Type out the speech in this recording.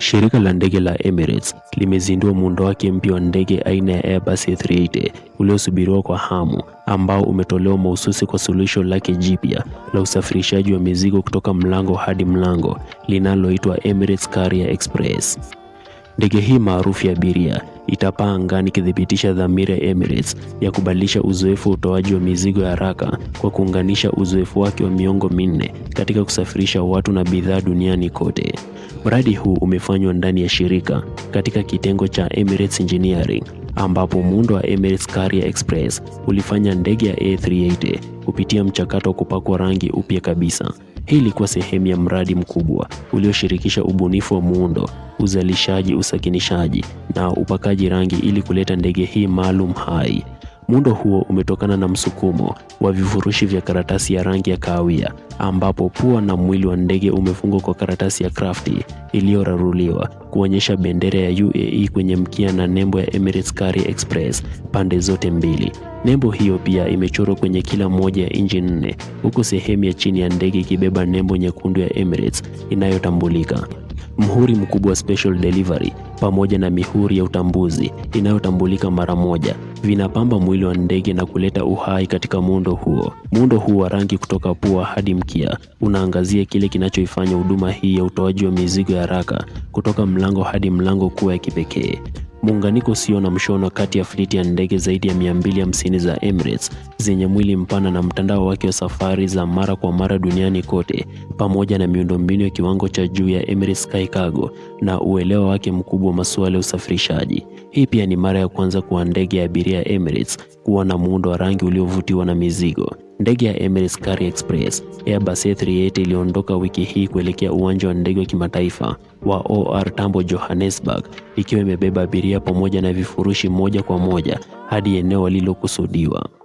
Shirika la ndege la Emirates limezindua muundo wake mpya wa ndege aina ya Airbus A380 uliosubiriwa kwa hamu, ambao umetolewa mahususi kwa suluhisho lake jipya la usafirishaji wa mizigo kutoka mlango hadi mlango linaloitwa Emirates Carrier Express. Ndege hii maarufu ya abiria itapaa angani ikithibitisha dhamira ya Emirates ya kubadilisha uzoefu wa utoaji wa mizigo ya haraka kwa kuunganisha uzoefu wake wa miongo minne katika kusafirisha watu na bidhaa duniani kote. Mradi huu umefanywa ndani ya shirika katika kitengo cha Emirates Engineering ambapo muundo wa Emirates Carrier Express ulifanya ndege ya A380 kupitia mchakato wa kupakwa rangi upya kabisa. Hii ilikuwa sehemu ya mradi mkubwa ulioshirikisha ubunifu wa muundo, uzalishaji, usakinishaji na upakaji rangi ili kuleta ndege hii maalum hai. Muundo huo umetokana na msukumo wa vifurushi vya karatasi ya rangi ya kahawia ambapo pua na mwili wa ndege umefungwa kwa karatasi ya krafti iliyoraruliwa kuonyesha bendera ya UAE kwenye mkia na nembo ya Emirates Carrier Express pande zote mbili. Nembo hiyo pia imechorwa kwenye kila moja ya injini nne, huku sehemu ya chini ya ndege ikibeba nembo nyekundu ya Emirates inayotambulika mhuri mkubwa special delivery pamoja na mihuri ya utambuzi inayotambulika mara moja vinapamba mwili wa ndege na kuleta uhai katika muundo huo. Muundo huu wa rangi kutoka pua hadi mkia unaangazia kile kinachoifanya huduma hii ya utoaji wa mizigo ya haraka kutoka mlango hadi mlango kuwa ya kipekee. Muunganiko usio na mshono kati ya fliti ya ndege zaidi ya 250 za Emirates zenye mwili mpana na mtandao wake wa safari za mara kwa mara duniani kote, pamoja na miundombinu ya kiwango cha juu ya Emirates Sky Cargo na uelewa wake mkubwa masuala ya usafirishaji. Hii pia ni mara ya kwanza kwa ndege ya abiria ya Emirates kuwa na muundo wa rangi uliovutiwa na mizigo. Ndege ya Emirates Carrier Express Airbus A380 iliondoka wiki hii kuelekea uwanja wa ndege wa kimataifa wa OR Tambo Johannesburg, ikiwa imebeba abiria pamoja na vifurushi moja kwa moja hadi eneo lililokusudiwa.